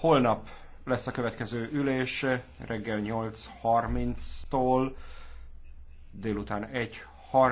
Holnap lesz a következő ülés reggel 8.30-tól délután 1